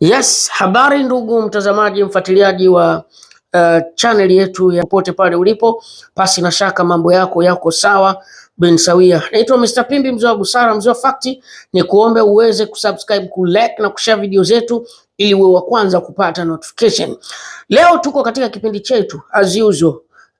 Yes, habari ndugu mtazamaji, mfuatiliaji wa uh, channel yetu ya popote pale ulipo, pasi na shaka mambo yako yako sawa bin sawia. Naitwa Mr. Pimbi, mzee wa busara, mzee wa fakti. Ni kuombe uweze kusubscribe, kulike na kushare video zetu ili uwe wa kwanza kupata notification. Leo tuko katika kipindi chetu as usual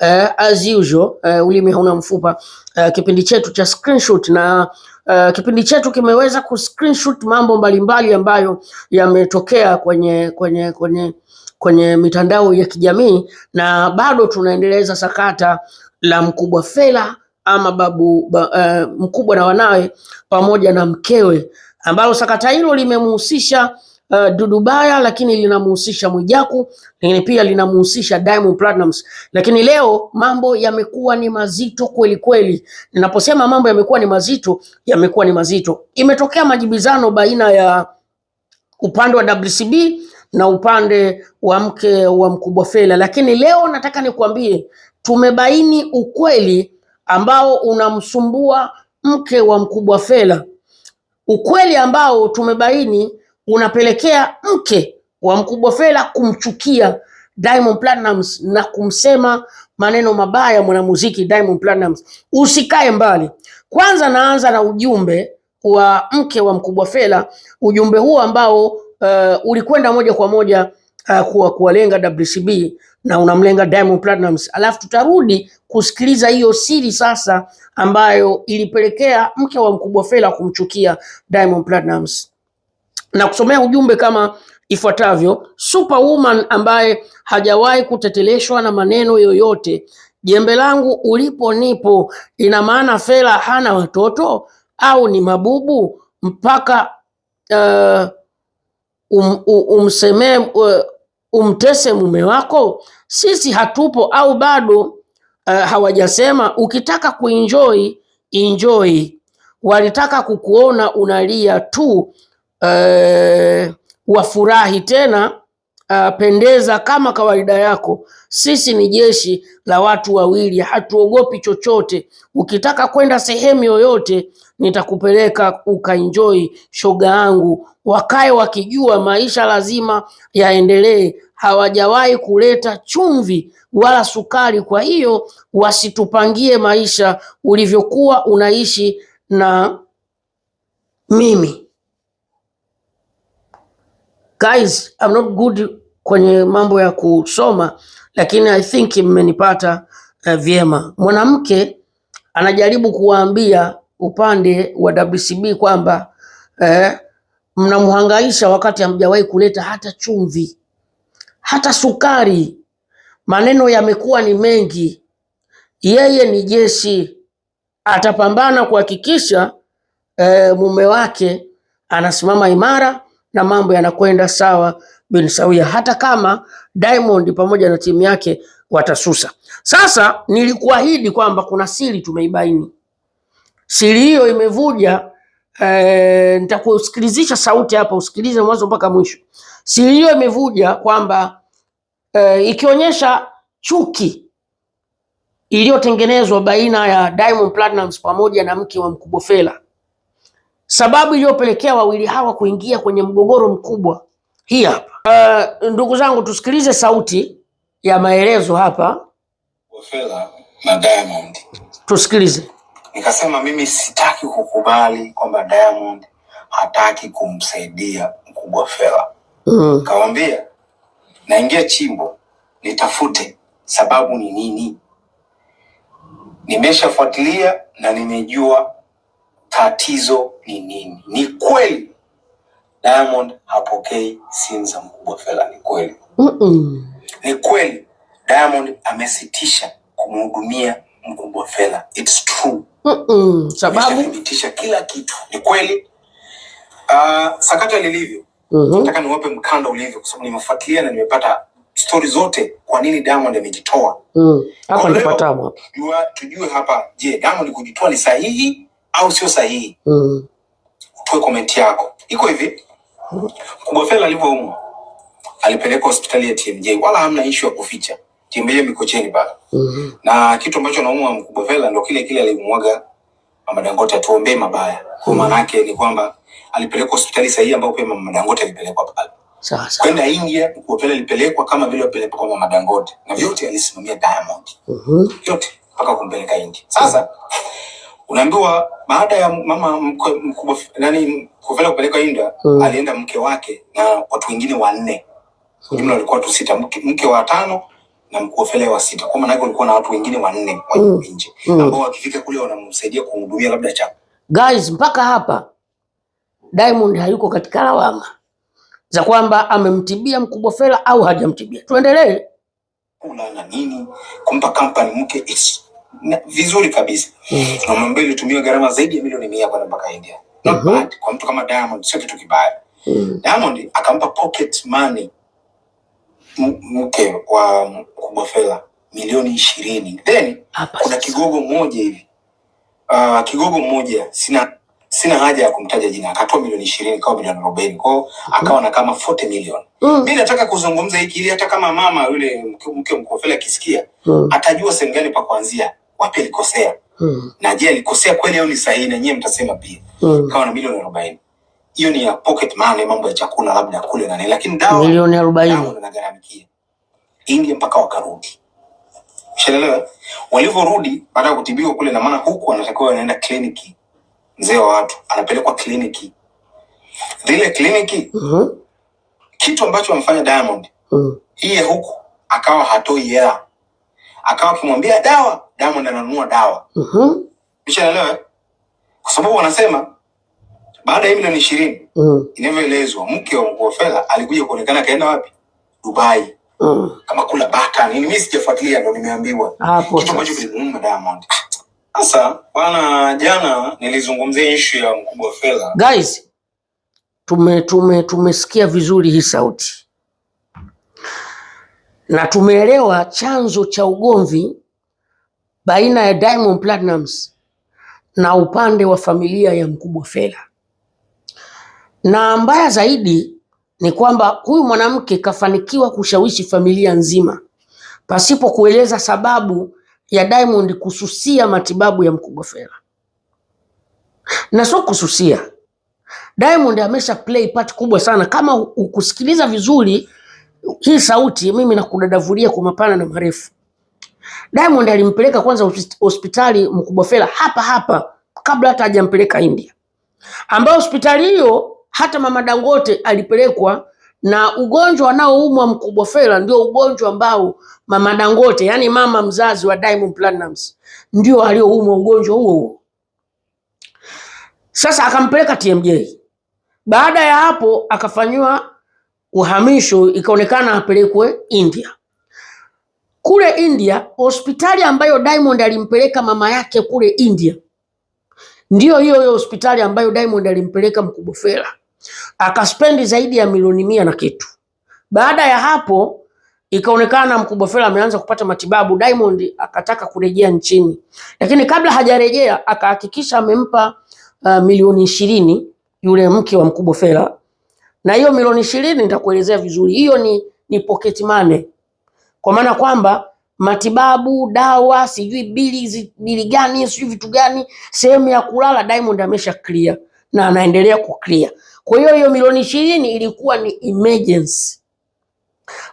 Uh, as usual uh, eh, ulimi hauna mfupa uh, kipindi chetu cha screenshot na uh, kipindi chetu kimeweza ku screenshot mambo mbalimbali mbali ambayo yametokea kwenye, kwenye, kwenye, kwenye mitandao ya kijamii na bado tunaendeleza sakata la Mkubwa Fela ama babu ba, uh, Mkubwa na wanawe pamoja na mkewe ambalo sakata hilo limemhusisha uh, Dudu Baya, lakini linamhusisha Mwijaku, lakini pia linamhusisha Diamond Platnumz. Lakini leo mambo yamekuwa ni mazito kweli kweli. Ninaposema mambo yamekuwa ni mazito, yamekuwa ni mazito. Imetokea majibizano baina ya upande wa WCB na upande wa mke wa mkubwa fela lakini leo nataka nikuambie tumebaini ukweli ambao unamsumbua mke wa mkubwa Fela, ukweli ambao tumebaini unapelekea mke wa mkubwa Fela kumchukia Diamond Platnumz na kumsema maneno mabaya mwanamuziki Diamond Platnumz. Usikae mbali. Kwanza naanza na ujumbe wa mke wa mkubwa Fela, ujumbe huo ambao uh, ulikwenda moja kwa moja uh, kuwa kuwalenga WCB na unamlenga Diamond Platnumz, alafu tutarudi kusikiliza hiyo siri sasa ambayo ilipelekea mke wa mkubwa Fela kumchukia Diamond Platnumz na kusomea ujumbe kama ifuatavyo. Superwoman ambaye hajawahi kuteteleshwa na maneno yoyote. Jembe langu ulipo nipo. Ina maana Fela hana watoto au ni mabubu mpaka uh, um, umsemee uh, umtese mume wako? Sisi hatupo au bado uh, hawajasema. Ukitaka kuenjoy enjoy, walitaka kukuona unalia tu uh, wafurahi tena uh, pendeza kama kawaida yako. Sisi ni jeshi la watu wawili, hatuogopi chochote. Ukitaka kwenda sehemu yoyote, nitakupeleka ukaenjoi, shoga yangu. Wakae wakijua maisha lazima yaendelee, hawajawahi kuleta chumvi wala sukari. Kwa hiyo wasitupangie maisha ulivyokuwa unaishi na mimi. Guys, I'm not good kwenye mambo ya kusoma, lakini I think mmenipata uh, vyema. Mwanamke anajaribu kuwaambia upande wa WCB kwamba eh, mnamhangaisha wakati hamjawahi kuleta hata chumvi hata sukari. Maneno yamekuwa ni mengi. Yeye ni jeshi, atapambana kuhakikisha eh, mume wake anasimama imara na mambo yanakwenda sawa bin sawia, hata kama Diamond pamoja na timu yake watasusa. Sasa nilikuahidi kwamba kuna siri tumeibaini, siri hiyo imevuja. E, nitakusikilizisha sauti hapa usikilize mwanzo mpaka mwisho. Siri hiyo imevuja kwamba e, ikionyesha chuki iliyotengenezwa baina ya Diamond Platnumz pamoja na mke wa Mkubwa Sababu iliyopelekea wawili hawa kuingia kwenye mgogoro mkubwa hii hapa. Uh, ndugu zangu tusikilize sauti ya maelezo hapa. Wafela na Diamond. Tusikilize. Nikasema mimi sitaki kukubali kwamba Diamond hataki kumsaidia mkubwa Fela. Mm. Kawambia naingia chimbo nitafute sababu ni nini. Nimeshafuatilia na nimejua tatizo ni nini? Ni kweli Diamond hapokei simu za mkubwa Fella, ni kweli mm -mm. Ni kweli Diamond amesitisha kumhudumia mkubwa Fella, it's true mm -mm. Sababu kila kitu, ni kweli uh, sakata lilivyo mm -hmm. niwape mkanda ulivyo, kwa sababu nimefuatilia na nimepata stori zote, kwa nini Diamond amejitoa. Mm. Hapa tujue hapa, je, Diamond kujitoa ni sahihi au sio sahihi. Mm. Utoe komenti yako. Iko hivi, Mkogofela alivyoumwa alipelekwa hospitali ya TMJ, wala hamna ishu ya kuficha. Tembelea Mikocheni bado. Mm. -hmm. Na kitu ambacho anaumwa Mkubwa Mkogofela ndio kile kile alimwaga Mama Dangote, atuombee mabaya. Kwa mm-hmm. maana yake ni kwamba alipelekwa hospitali sahihi ambapo pia Mama Dangote alipelekwa pale. Sasa kwenda India, Mkubwa Mkogofela alipelekwa kama vile alipelekwa kwa Mama Dangote na vyote alisimamia Diamond. Mhm. Mm yote mpaka kumpeleka India. Sasa mm. -hmm unaambiwa baada ya mama mkubwa nani Kuvela kupeleka India mm. alienda mke wake na watu wengine wanne mm. jumla walikuwa watu sita, mke, mke wa tano na Mkuvela wa sita. Kwa maana yake walikuwa na watu wengine wanne kwa mm. nje mm. ambao wakifika kule wanamsaidia kumhudumia labda cha guys. Mpaka hapa Diamond hayuko katika lawama za kwamba amemtibia mkubwa fela au hajamtibia. Tuendelee kula na nini kumpa company mke it's vizuri kabisa. mm. Namwambia ilitumia gharama zaidi ya milioni mia kwenda mpaka India. Not mm-hmm. bad. Kwa mtu kama Diamond sio kitu kibaya. mm. Diamond akampa pocket money mke wa mkubwa Fela milioni ishirini. Then Apa, kuna kigogo mmoja hivi uh, kigogo mmoja sina sina haja ya kumtaja jina, akatoa milioni ishirini kawa milioni arobaini kwao, akawa na kama 40 milioni. mm. Mi nataka kuzungumza hiki ili hata kama mama yule mke mkofela akisikia, mm. atajua sehemu gani pa kuanzia wapi alikosea mm. na je alikosea kweli au ni sahihi? Na nyie mtasema pia mm. kawa na milioni arobaini hiyo ni ya pocket money, mambo ya chakula labda kule na nini, lakini dawa milioni arobaini nagaramikia India mpaka wakarudi. Ushaelewa? Walivyorudi baada ya kutibiwa kule, na maana huku anatakiwa anaenda kliniki, mzee wa watu anapelekwa kliniki zile kliniki mm -hmm. kitu ambacho amfanya Diamond mm. iye huku akawa hatoi hela, akawa akimwambia dawa Diamond ananunua dawa Mhm. mm -hmm. kwa sababu wanasema baada ya milioni 20 mm -hmm. inavyoelezwa mke wa Mkofela alikuja kuonekana kaenda wapi? Dubai mm. kama kula baka nini, mimi sijafuatilia, ndo nimeambiwa Hapo. kitu ambacho kilimuuma Diamond. Sasa bwana, jana nilizungumzia issue ya mkubwa Fela. Guys, tume tume tumesikia vizuri hii sauti na tumeelewa chanzo cha ugomvi baina ya Diamond Platinums na upande wa familia ya Mkubwa Fela. Na mbaya zaidi ni kwamba huyu mwanamke kafanikiwa kushawishi familia nzima pasipo kueleza sababu ya Diamond kususia matibabu ya Mkubwa Fela. Na sio kususia, Diamond amesha play part kubwa sana. Kama ukusikiliza vizuri hii sauti, mimi nakudadavulia kwa mapana na marefu Diamond alimpeleka kwanza hospitali Mkubwa Fela hapa hapa kabla hata hajampeleka India, ambayo hospitali hiyo hata mama Dangote alipelekwa na ugonjwa anaoumwa Mkubwa Fela ndio ugonjwa ambao mama Dangote, yani mama mzazi wa Diamond Platnumz, ndio alioumwa ugonjwa huo huo. Sasa akampeleka TMJ. Baada ya hapo, akafanyiwa uhamisho, ikaonekana apelekwe India kule India, hospitali ambayo Diamond alimpeleka mama yake kule India ndiyo hiyo hiyo hospitali ambayo Diamond alimpeleka Mkubwa Fela, akaspendi zaidi ya milioni mia na kitu. Baada ya hapo ikaonekana Mkubwa Fela ameanza kupata matibabu, Diamond akataka kurejea nchini, lakini kabla hajarejea akahakikisha amempa uh, milioni ishirini yule mke wa Mkubwa Fela, na hiyo milioni ishirini nitakuelezea vizuri. Hiyo ni, ni pocket money kwa maana kwamba matibabu, dawa, sijui bili bili gani, sijui vitu gani, sehemu ya kulala, Diamond amesha clear na anaendelea ku clear. Kwa hiyo hiyo milioni ishirini ilikuwa ni emergency,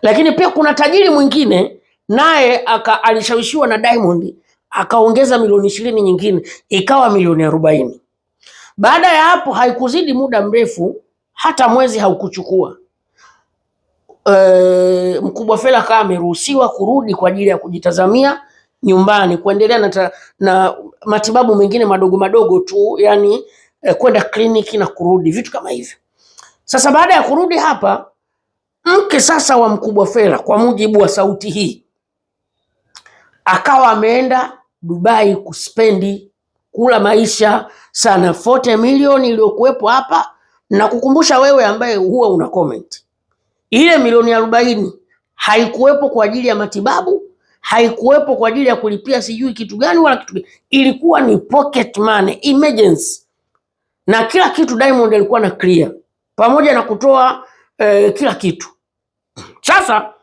lakini pia kuna tajiri mwingine naye alishawishiwa na Diamond akaongeza milioni ishirini nyingine ikawa milioni arobaini. Baada ya hapo haikuzidi muda mrefu, hata mwezi haukuchukua e, mkubwa Fella kama ameruhusiwa kurudi kwa ajili ya kujitazamia nyumbani kuendelea na, ta, na matibabu mengine madogo madogo tu yani e, kwenda kliniki na kurudi vitu kama hivyo. Sasa baada ya kurudi hapa, mke sasa wa mkubwa Fella kwa mujibu wa sauti hii akawa ameenda Dubai kuspendi kula maisha sana 40 milioni iliyokuwepo hapa, na kukumbusha wewe ambaye huwa una comment ile milioni arobaini haikuwepo kwa ajili ya matibabu, haikuwepo kwa ajili ya kulipia sijui kitu gani wala kitu gani, ilikuwa ni pocket money emergency, na kila kitu Diamond alikuwa na clear pamoja na kutoa eh, kila kitu. Sasa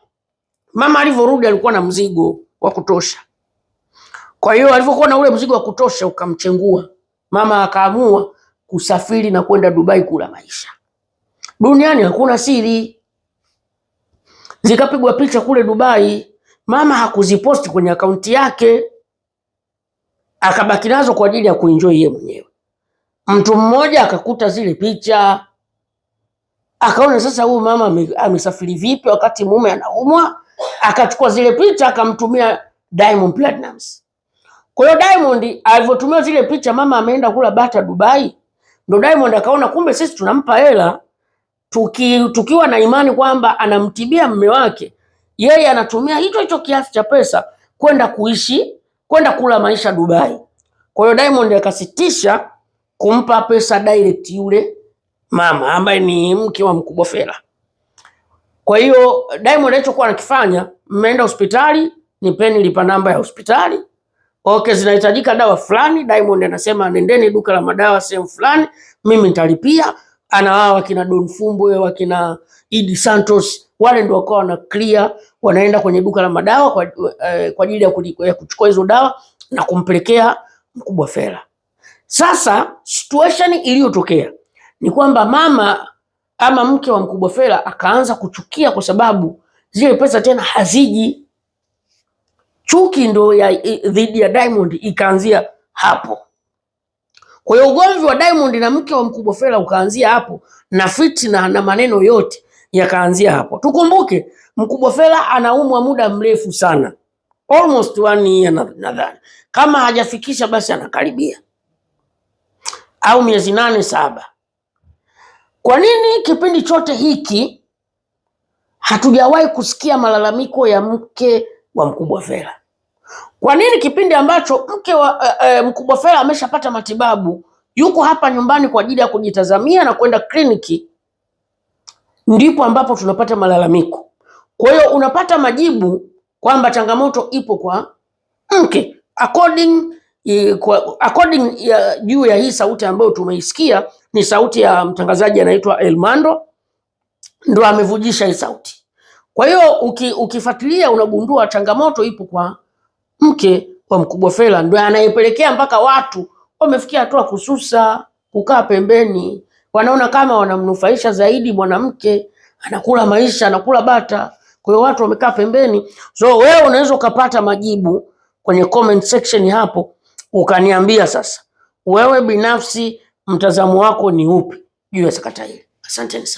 mama alivyorudi alikuwa na mzigo wa kutosha, kwa hiyo alivyokuwa na ule mzigo wa kutosha ukamchengua mama, akaamua kusafiri na kwenda Dubai kula maisha. Duniani hakuna siri zikapigwa picha kule Dubai, mama hakuziposti kwenye akaunti yake, akabaki nazo kwa ajili ya kuenjoy yeye mwenyewe. Mtu mmoja akakuta zile picha akaona sasa, huyu mama amesafiri vipi wakati mume anaumwa? Akachukua zile picha akamtumia Diamond Platnumz. Kwa hiyo Diamond alivyotumia zile picha, mama ameenda kula bata Dubai, ndo Diamond akaona kumbe sisi tunampa hela tuki, tukiwa na imani kwamba anamtibia mme wake, yeye anatumia hicho hicho kiasi cha pesa kwenda kuishi kwenda kula maisha Dubai. Kwa hiyo Diamond akasitisha kumpa pesa direct yule mama ambaye ni mke wa mkubwa Fela. Kwa hiyo Diamond alichokuwa anakifanya, mmeenda hospitali, nipeni lipa namba ya hospitali. Okay, zinahitajika dawa fulani. Diamond anasema nendeni duka la madawa sehemu fulani, mimi nitalipia ana hawa wakina Don Fumbwe wakina Idi Santos wale ndio wakawa wana clear, wanaenda kwenye duka la madawa kwa eh, ajili ya kuchukua hizo dawa na kumpelekea mkubwa Fela. Sasa situation iliyotokea ni kwamba mama ama mke wa mkubwa Fela akaanza kuchukia kwa sababu zile pesa tena haziji. Chuki ndo ya eh, dhidi ya Diamond ikaanzia hapo. Kwa hiyo ugomvi wa Diamond na mke wa mkubwa Fella ukaanzia hapo na fitina na maneno yote yakaanzia hapo. Tukumbuke mkubwa Fella anaumwa muda mrefu sana, almost one year nadhani, kama hajafikisha basi anakaribia au miezi nane saba. Kwa nini kipindi chote hiki hatujawahi kusikia malalamiko ya mke wa mkubwa Fella? Kwa nini kipindi ambacho mke wa e, Mkubwa Fella ameshapata matibabu yuko hapa nyumbani kwa ajili ya kujitazamia na kwenda kliniki, ndipo ambapo tunapata malalamiko. Kwa hiyo unapata majibu kwamba changamoto ipo kwa mke according kwa according ya juu ya hii sauti ambayo tumeisikia ni sauti ya mtangazaji anaitwa Elmando, ndo amevujisha hii sauti. Kwa hiyo ukifuatilia unagundua changamoto ipo kwa mke wa mkubwa Fella ndio anayepelekea mpaka watu wamefikia hatua kususa, kukaa pembeni, wanaona kama wanamnufaisha zaidi mwanamke, anakula maisha, anakula bata. Kwa hiyo watu wamekaa pembeni. So wewe unaweza ukapata majibu kwenye comment section hapo, ukaniambia sasa wewe binafsi mtazamo wako ni upi juu ya sakata hili. Asanteni sana.